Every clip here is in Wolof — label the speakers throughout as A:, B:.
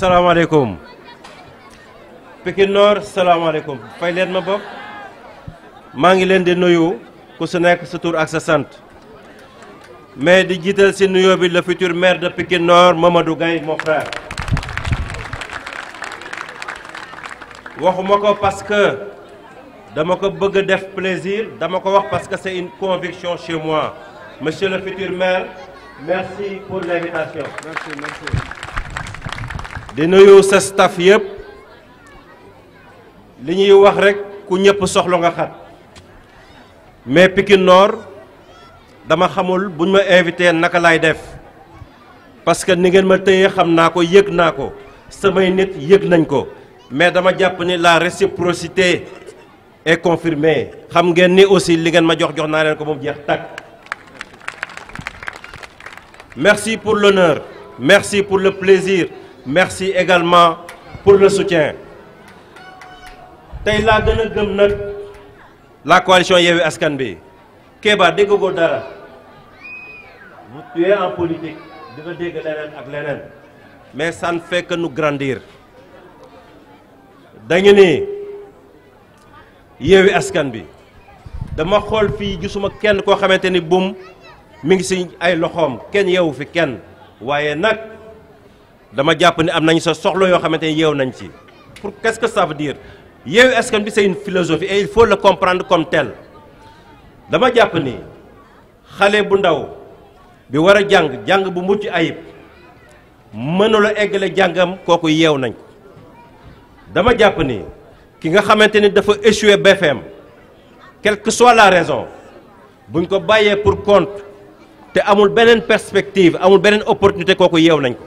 A: Salam alaikum. Pékin Nord salam alaikum. leen ma je suis de leen de ce ku su mais di le futur maire de Pékin Nord Mamadou Gaye mon frère waxuma ko parce que je ko plaisir parce que c'est une conviction chez moi monsieur le futur maire merci pour l'invitation merci merci de nuyu sa staff yëpp li ñuy wax rek ku ñepp soxlo nga xat mais Pikine Nord dama xamul buñ ma invité naka lay def parce que ni ngeen ma téye xamna ko yëg naa ko samay nit yëg nañ ko mais dama japp ni la réciprocité est confirmée xam ngeen ni aussi li ngeen ma jox jox na len ko moom jeex tak merci pour l'honneur merci pour le plaisir merci également pour le soutien Tay la gëna gëm nak la coalition Yewwi Askan bi. Kéba dégg ko dara tu en politique de nga dégg leneen ak lénen. mais ça ne fait que nous grandir dañu ni Yewwi Askan bi. dama xol fi gisuma kenn ko xamante boum buum mi ngi ci ay loxom kenn yewu fi kenn waaye nak dama japp ni am nañ sa soxlo yo xamanteni yew nañ ci pour qu'est-ce que ça veut dire yew askan bi c'est une philosophie et il faut le comprendre comme tel dama japp ni xalé bu ndaw bi wara jang jang bu mucc ayib mënula eggale jangam kooku yew nañ ko dama japp ni ki nga xamanteni dafa échouer BFM quelle que soit la raison buñ ko bayé pour compte te amul benen perspective amul benen opportunité koko yew nañ ko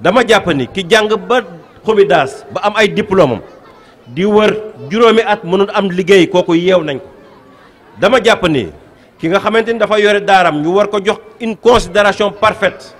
A: dama jàpp ni ki jàng ba xubi ba am ay diplôme di wër juróomi at mënul am liggéey kooku yeew nañ ko dama jàpp ni ki nga xamante ni dafa yore daaram ñu war ko jox une considération parfaite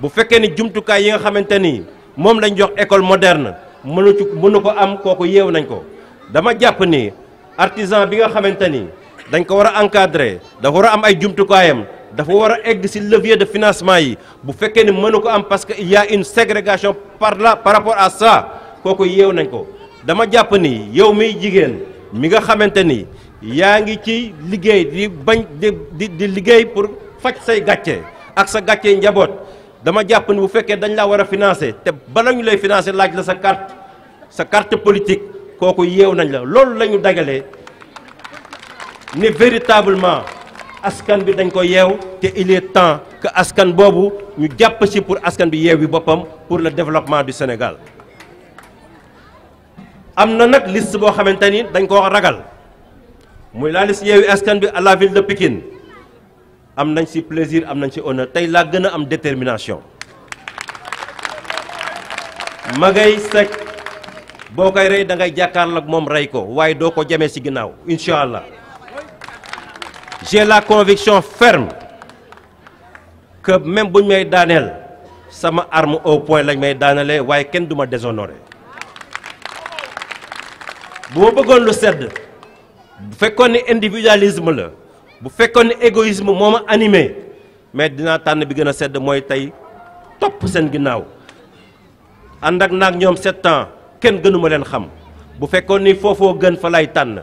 A: bu fekkee ni jumtukaay yi nga xamante ni moom lañ jox école moderne mënu ci mënu ko am kooku yeew nañ ko dama jàpp ni artisan bi nga xamante ni dañ ko war a encadrer dafa war a am ay jumtukaayam dafa war a egg ci levier de financement yi bu fekkee ne mënu ko am parce que il y une ségrégation par la par rapport à sa kooku yeew nañ ko dama jàpp ni yow miy jigéen mi nga xamante ni yaa ngi ci liggéey di bañ di di liggéey pour faj say gàcce ak sa gàcce njaboot dama jàpp ni bu fekkee dañ laa war a financer te bala ñu lay financer laaj la sa carte sa carte politique kooku yeew nañ la loolu la ñu dagalee ne véritablement askan bi dañ ko yew té il est temps que askan bobu ñu japp ci pour askan bi yew bi bopam pour le développement du Sénégal amna nak liste bo xamante dañ ko ragal muy la liste yeewi askan bi à la ville de Pékin. amnañ ci plaisir amnañ ci honneur tay la gëna am détermination magay sec bokay koy da ngay jàkkaarloo ak moom rey ko do ko jame ci inshallah j'ai la conviction ferme que même bu ñu may daaneel sama arme au point lañ may daanelee waaye kenn du ma déshonoré bu ma bëggoon lu sedd bu fekkoon individualisme la bu fekkoon égoïsme moo ma animé mais d'ina tànn bi gën a sedd mooy tey topp seen ginnaaw ànd ak naag ñoom sept ans kenn gënuma leen xam bu fekkoon ni foofoo gën fa lay tànn.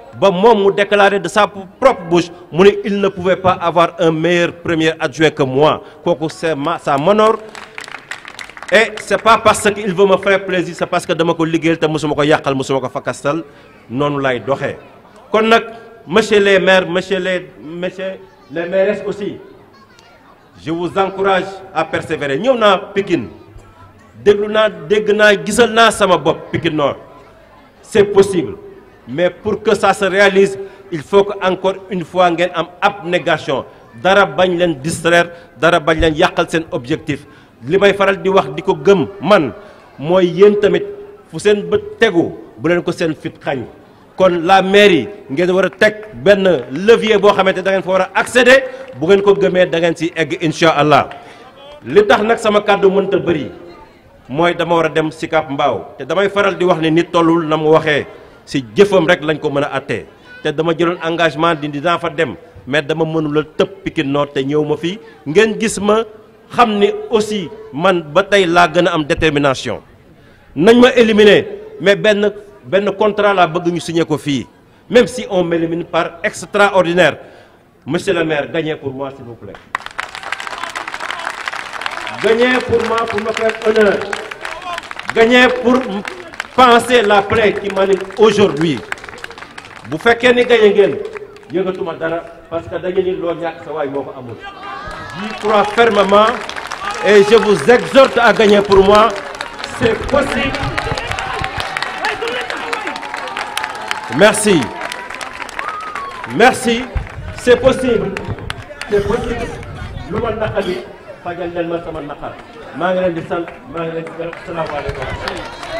A: ba déclaré de sa propre bouche qu'il il ne pouvait pas avoir un meilleur premier adjoint que moi kooku c'est sa ça et c'est pas parce qu'il veut me faire plaisir c'est parce que suis ko Je te mosuma ko yàqal mosuma ko fakastal Non, lay suis Donc.. monsieur les maires monsieur les monsieur les maires aussi je vous encourage à persévérer Nous sommes Pikine déglu naa sama vu Pékin c'est possible mais pour que ça se réalise il faut que encore une fois ayez une abnégation dara bañ distraire dara bañ len yakal objectif li faral di wax diko man moy yeen tamit fu sen be bu ko fit la mairie ngeen wara tek ben levier bo da accéder bu ko da li tax nak sama mënta moy dama dem te damay di ni si jëfam rek lañ ko mën a té dama jëlon engagement di dinaa fa dem mais dama mënula tëb Pikine de te ñëw ma fii ngeen gis ma xamni aussi man ba tey déterminé une am détermination nañ ma éliminer mais je suis contrat la bëgg ñu signé ko même si on m'élimine par extraordinaire monsieur le maire gagnez pour moi s'il vous plaît gagnez pour moi pour me faire honneur gagnez pour pensez la plaie qui m'anime aujourd'hui bu fekkee ni gañe ngeen yëngatuma dara parce que dañu Parce que ñàkk sa waay moo ko amul j'y crois fermement et je vous exhorte à gagner pour moi c'est possible merci merci c'est possible c'est possible lu ma naqar bi fajal leen ma sama naqar maa ngi leen di sant maa ngi leen di gërëm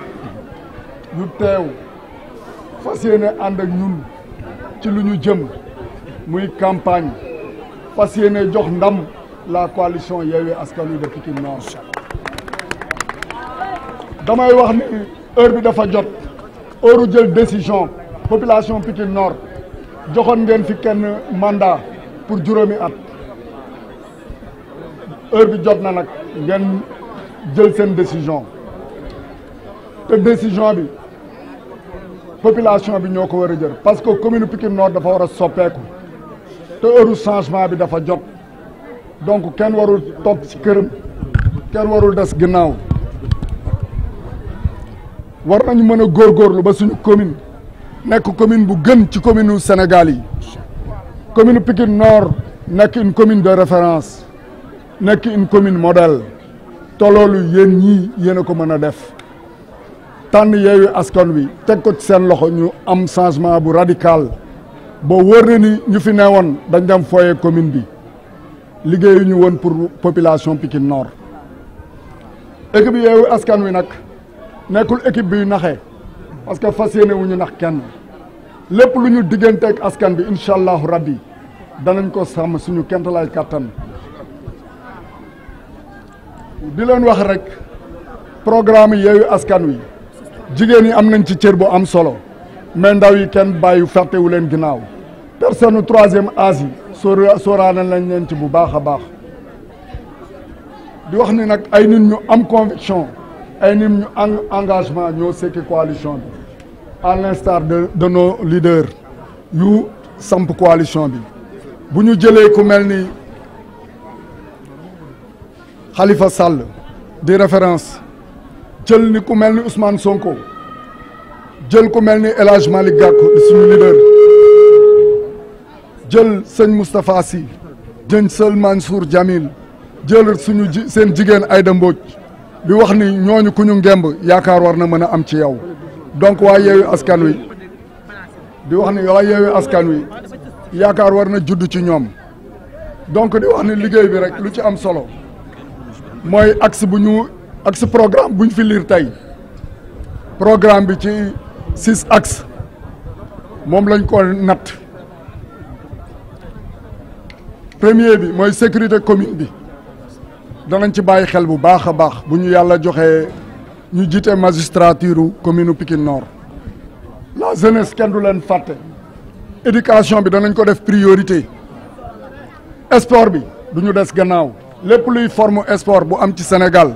B: Nous teew fas yéene ànd ak ñun ci lu ñu jëm muy campagne fas yéene jox ndam la coalition Yewwi Askan Wi de Pikine Nord dama wax ni heure bi dafa jot heure jël décision population petit Nord joxone ngeen fi kenn mandat pour djuroomi at heure bi jot na nak ngeen jël sen décision te décision bi population bi ñoo ko war a jël parce que commune Pikine Nord dafa war a soppeeku te heure changement bi dafa jot donc kenn warul topp ci këram kenn warul des ginnaaw war nañu mën a góor góorgóorlu ba suñu commune nekk commune bu gën ci commune Sénégal yi commune Pikine Nord nekk une commune de référence nekk une commune modèle toloolu loolu yéen ñii yéen a ko mën a def Tan yeewu askan wi tekut ko ci sen loxo ñu am changement bu radical bo wër ni ñu fi newoon dañ dem foyer commune bi liggéeyu ñu won pour population Pikine Nord équipe yeewu askan wi nak nekul équipe bi naxé parce que fasiyene yéene wu ñu nax kenn lepp lu ñu ak askan bi inshallah allahu rabbi danañ ko sam suñu kentalaay katan di leen wax rek programme askan wi jigéen ñi am nañ ci cër bu am solo mais ndaw yi kenn bàyyi fàttewu leen ginnaaw personne troisième âge yi sóoraale lañ leen ci bu baax a baax di wax ni nag ay nit ñu am conviction ay nit ñu am engagement ñoo sekki coalition bi à l'instar de de nos leaders ñu samp coalition bi bu ñu jëlee ku mel ni Khalifa Sall di référence jël ni ku mel ni Ousmane Sonko jël ku mel ni El Hadj Malick di suñu leader jël sëñ Moustapha si jën sëñ Mansour Jamil jël suñu seen jigéen Aïda Mbodj bi wax ni ñooñu ku ñu ngemb yaakaar war na mën a am ci yow donc waa yeewi askan wi di wax ni waa yeewi askan wi yaakaar war na judd ci ñoom donc di wax ni liggéey bi rek lu ci am solo mooy axe bu ñu ak si programme buñ fi liir tey programme bi ci sis axes moom lañ ko natt premier bi mooy sécurité commune bi danañ ci bàyyi xel bu baax a baax bu ñu yàlla joxe ñu jiite magistrature commune Pikine Nord la jeunesse kenn du leen fàtte éducation bi danañ ko def priorité sport bi du ñu des gannaaw lépp luy forme sport bu am ci Sénégal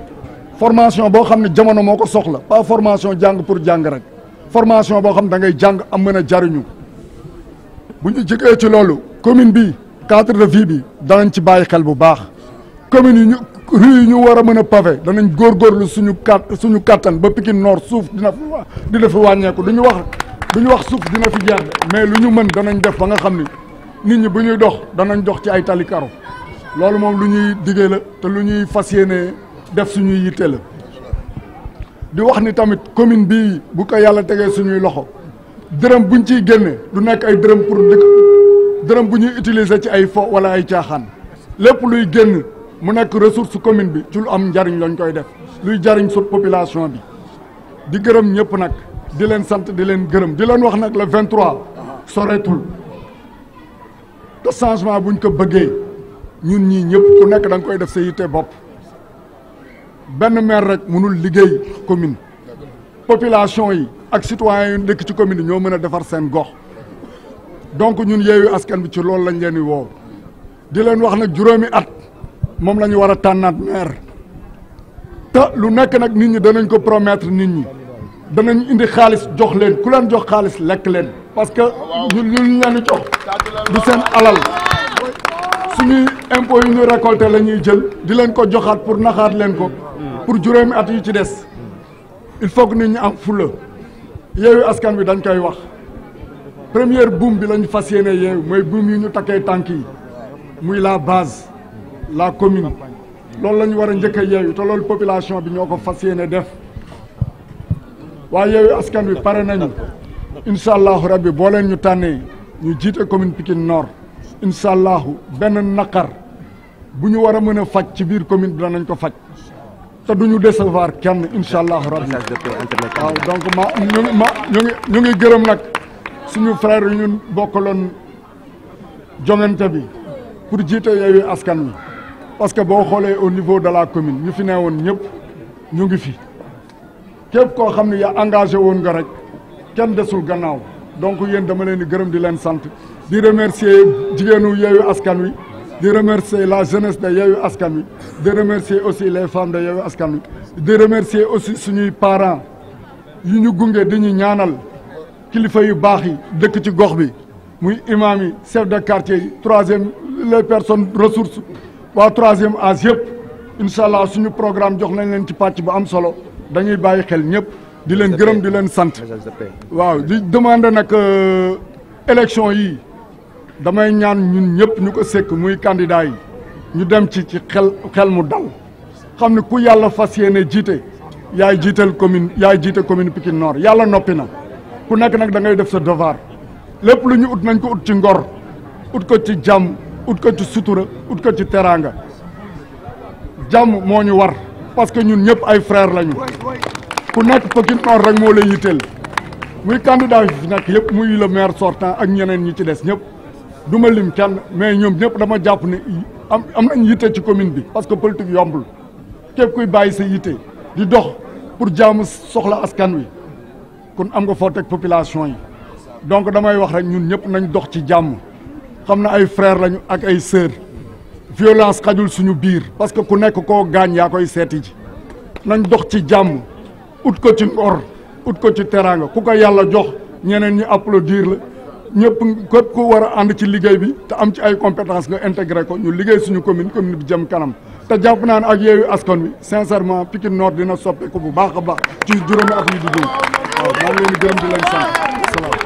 B: formation boo xam ne jamono moo ko soxla pas formation jàng pour jàng rek formation boo xam da ngay jàng am mën a jariñu bu ñu jegee ci loolu commune bi cadre de vie bi danañ ci bàyyi xel bu baax commune yi ñu rue yi ñu war a mën a pavé danañ góorgóorlu suñu kat suñu kattan ba Pikine noor suuf dina fi dina fi wàññeeku du ñu wax du ñu wax suuf dina fi jeex mais lu ñu mën danañ def ba nga xam ni nit ñi bu ñuy dox danañ dox ci ay tali karo loolu moom lu ñuy diggee la te lu ñuy fas yéenee def suñuy yitte la di wax ni tamit commune bi bu ko yalla tegee suñuy loxo deureum buñ ci génné du nek ay deureum pour dëkk dërëm bu ñuy utiliser ci ay fo wala ay tiaxan lepp luy génn mu nek ressource commune bi ci lu am njariñ lañ koy def luy jariñ su population bi di gërëm ñëpp nak di leen sant di leen gërëm di leen wax nak le 23 soreetul te changement buñ ko bëggee ñun ñi ñëpp ku nekk da nga koy def sa yitte bopp benn maire rek mënul liggéey commune population yi ak citoyens yu dëkk ci commune yi ñoo mën a defar seen gox donc ñun yeewu askan bi ci loolu lañ leen di woo di leen wax nag juróomi at moom la ñu war a tànnaat maire te lu nekk nag nit ñi danañ ko promettre nit ñi danañ indi xaalis jox leen ku leen jox xaalis lekk leen parce que ñun ñu leen jox du seen alal su ñuy impôts yu ñu récolté la ñuy jël di leen ko joxaat pour naxaat leen ko pour juróomi at yu ci des il faut que nit ñi am fulla yeewu askan wi dañ koy wax première buum bi lañu fas yéene yeewu mooy buum yi ñu takkee tànk yi muy la base la commune loolu lañu ñu war a njëkk yeewu te lool population bi ñoo ko fas yéene def waa yeewu askan wi pare nañu incha allahu rabbi boo leen ñu tànnee ñu jiite commune Pikine Nord incha allahu benn naqar bu ñu war a mën a faj ci biir commune bi danañ ko faj te ñu décevoir kenn incha allahu rabbi waaw donc ma ñu ma ñu ngi ñu ngi gërëm nag suñu frère ñun ñu bokkaloon jongante bi pour jiite Yewwi Askan Wi parce que boo xoolee au niveau de la commune ñu fi ne woon ñëpp ñu ngi fi képp koo xam ne yaa engagé woon nga rek kenn desul gannaaw donc yéen dama leen di gërëm di leen sant di remercier jigéenu Yewwi Askan Wi de remercier la jeunesse de Yewwi Askan de remercier aussi les femmes de Yewwi Askan de remercier aussi suñuy parents yu ñu gunge di ñu ñaanal kilifa yu baax yi dëkk ci gox bi muy imam yi chef de quartier troisième les personnes ressources waa troisième âge yëpp incha allah suñu programme jox nañ leen ci pàcc bu am solo dañuy bàyyi xel ñëpp di leen gërëm di leen sant waaw di demander nag euh, élection yii damay ñaan ñun ñëpp ñu ko sekk muy candidat yi ñu dem ci ci xel xel mu dal xam ne ku yàlla fas yéene jiite yaay jiital commune yaay jiite commune Pikine yàlla noppi na ku nekk nag da def sa devoir lépp lu ñu ut nañ ko ut ci ngor ut ko ci jàmm ut ko ci sutura ut ko ci teraanga jàmm moo ñu war parce que ñun ñëpp ay frère lañu ku nekk Pikine Nord rek moo lay yitteel muy candidat yi fi nekk yëpp mu le maire sortant ak ñeneen ñi ci des ñëpp du ma lim kenn mais ñoom ñëpp dama jàpp ni am am nañ yitte ci commune bi parce que politique yombul képp kuy bàyyi sa yitte di dox pour jàmm soxla askan wi kon am nga foo teg population yi donc damay wax rek ñun ñëpp nañ dox ci jàmm xam na ay frère lañu ak ay sœur violence xajul suñu biir parce que ku nekk koo gaañ yaa koy seeti ci nañ dox ci jàmm ut ko ci ngor ut ko ci teraanga ku ko yàlla jox ñeneen ñi applaudir la ñëpp képp ku war a ànd ci liggéey bi te am ci ay compétence nga intégré ko ñu liggéey suñu commune commune bi jëm kanam te jàpp naa ne ak yeewu askan wi sincèrement Pikine Nord dina soppeeku bu baax a baax ci juróomi at yi di jóg waaw maa leen di gërëm di sant salaam